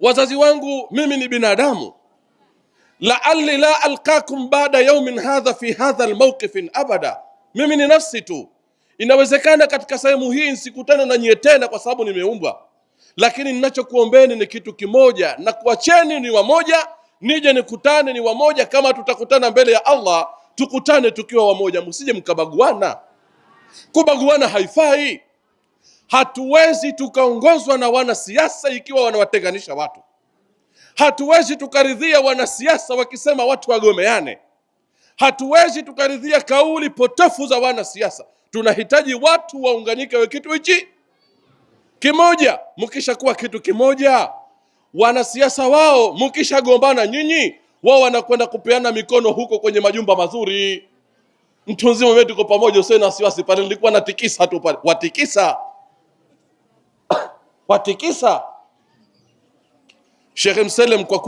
wazazi wangu, mimi ni binadamu. Laalli la alqakum bada yaumin hadha fi hadha almawqifin abada, mimi ni nafsi tu, inawezekana katika sehemu hii nsikutane na nyie tena, kwa sababu nimeumbwa. Lakini ninachokuombeni ni kitu kimoja, na kuacheni ni wamoja, nije nikutane ni wamoja. Kama tutakutana mbele ya Allah, tukutane tukiwa wamoja, msije mkabaguana. Kubaguana haifai. Hatuwezi tukaongozwa na wanasiasa ikiwa wanawatenganisha watu. Hatuwezi tukaridhia wanasiasa wakisema watu wagomeane. Hatuwezi tukaridhia kauli potofu za wanasiasa. Tunahitaji watu waunganyike, we kitu hichi kimoja. Mkishakuwa kitu kimoja, wanasiasa wao mkishagombana nyinyi, wao wanakwenda kupeana mikono huko kwenye majumba mazuri. Mtu mzima wetu tuko pamoja, usiwe na wasiwasi. Pale nilikuwa natikisa tu pale, watikisa watikisa Sheikh Mselem kwa